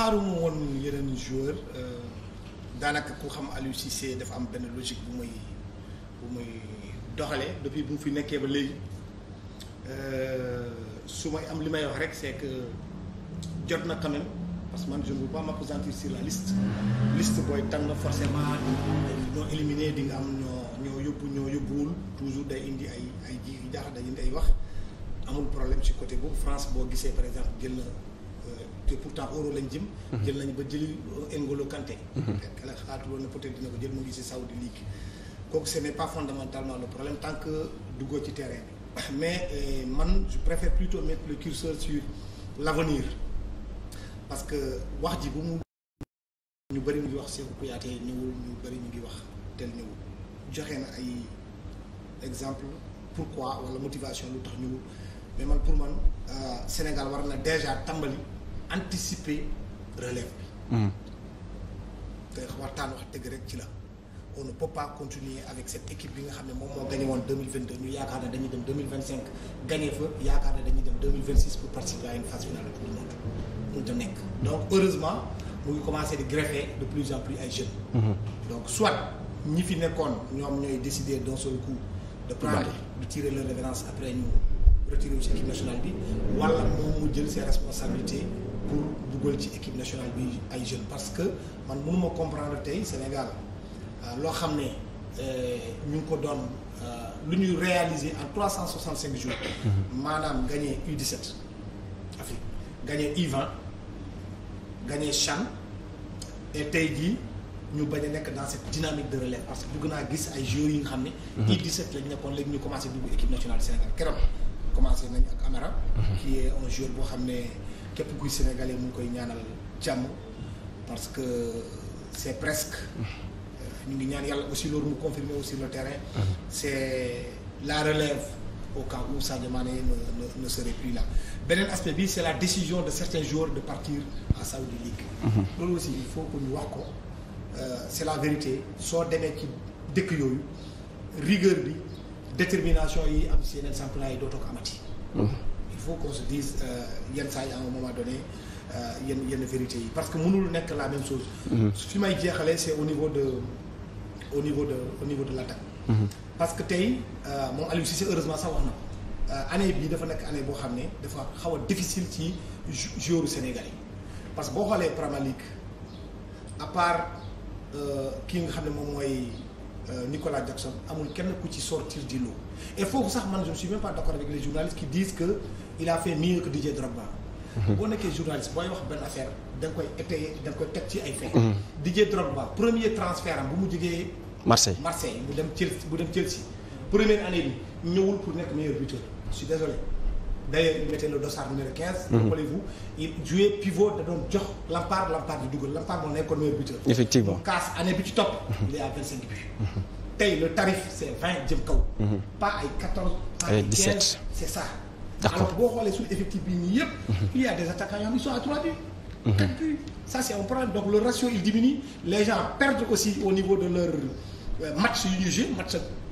xaaruma woon yeneen joueur euh, daanaka ku xam Aliou Cissé dafa am benn logique bu muy bu muy doxalee depuis bu mu fi nekkee ba léegi euh, su may am li may wax rek c'est que jot na quand même parce que man je ne veux pas m'appesantir sur la liste liste booy tànn forcément ñoo éliminé di nga am ñoo ñoo yóbbu ñoo yóbbuwul toujours day indi ay ay jii yu jaax day indi ay wax amul problème si côté boobu France boo gisee par exemple jël na te pourtant euro lañ jëm. jël nañ ba jëli ingolokante euh, Kanté. xel xalaatul woon ne peut-être dina ko jël mu ngi si Saudi League kooku ce n'est pas fondamentalement le problème tant que duggoo ci terrain mais euh, man je préfère plutôt mettre le curseur sur l'avenir parce que wax ji bu mu ñu bëri ñu ngi wax Cheikhou Kouyaté ñëwul ñu bëri ñu ngi wax tel ñëwul joxe na ay exemple pourquoi wala motivation lu tax ñëwul mais man pour man euh, Sénégal war na déjà tàmbali anticiper relève bi. Hmm. te waxtaan wax dëgg rek ci la. on ne peut pas continuer avec cette équipe bi nga xam ne moom moo gagné woon deux mille vingt deux ñu yaakaar ne dañuy dem deux mille yaakaar ne dañuy dem pour participer à une phase finale de Coupe du Monde mënut a nekk. donc heureusement mu ngi commencé di greffer de plus en plus ay jeunes. Hmm. donc soit ñi fi nekkoon ñoom ñooy décider d'un seul coup. de prendre de tirer leur révérence après ñu retirer ci équipe nationale bi. wala moom mu jël ses responsabilités. pour dugal ci équipe nationale bi ay jeunes parce que man mënuma comprendre tey Sénégal euh, loo xam ne euh, ñu ngi ko doon euh, lu ñuy réaliser en trois cent soixante cinq jours mm-hmm. maanaam gagné U17 Afrique gagné U20 gagné CHAN et tey jii ñu bañ a nekk dans cette dynamique de relève parce que bëgg naa gis ay joueurs yi nga xam ne mm-hmm. U17 lañ nekkoon léegi ñu commencé dugg équipe nationale Sénégal keroog commencé nañ ak Amara mm-hmm. qui est un joueur boo xam ne képp kuy sénégalais mu ngi koy ñaanal jàmm parce que c'est presque ñu ngi ñaan yàlla aussi loolu mu confirmer aussi le terrain c'est la relève au cas où Sadio ne ne serait plus là beneen aspect bi c'est la décision de certains joueurs de partir en Saudi League loolu aussi il faut que ñu wax ko euh, c'est la vérité soo demee ci dëkk yooyu rigueur bi détermination yi am si yeneen championnat yi dootoo ko amati foo faut qu'on se dise euh, yenn saa yi à un moment donné euh, yenn yenn vérité yi parce que mënul nekk la même chose. Mhm. fi may jeexalee c'est au niveau de au niveau de au niveau de l'attaque. Mhm. parce que tey euh, moom Aliou Cissé heureusement sax wax na ko. année bii dafa nekk année boo xam ne dafa xaw a difficile ci joueur Sénégal yi parce que boo xoolee Premier League à ki kii nga xam ne moom mooy. Euh, Nicolas Jackson amul kenn ku ci sortir du lot et foofu sax man je ne suis même pas d'accord avec les journalistes qui disent que il a fait mieux que Didier Drogba. Mhm. boo nekkee journaliste booy wax benn affaire da nga koy étayer da nga koy teg ci ay faits. Mhm. Didier Drogba premier transfert am mu jógee. Marseille Marseille bu dem Chelsea bu dem Chelsea première année bi ñëwul pour nekk meilleur buteur je suis désolé. d'ailleurs il mettait le dossard numéro 15. Mhm. rappelez-vous il jouait pivot da doon jox Lampard Lampard di dugal Lampard moo nekkoon meilleur buteur. effectivement mu année bi ci topp. Mhm. il est le tarif c'est 20 jëm kaw. Mhm. pas ay 14. ay 17 c'est ça. d'accord alors boo xoolee suñu effectif bi nii yëpp. il y a des à 3 buts. Mm -hmm. puis, donc le ratio il diminue les gens perdent aussi au niveau de leur euh, match yu ñuy joué match.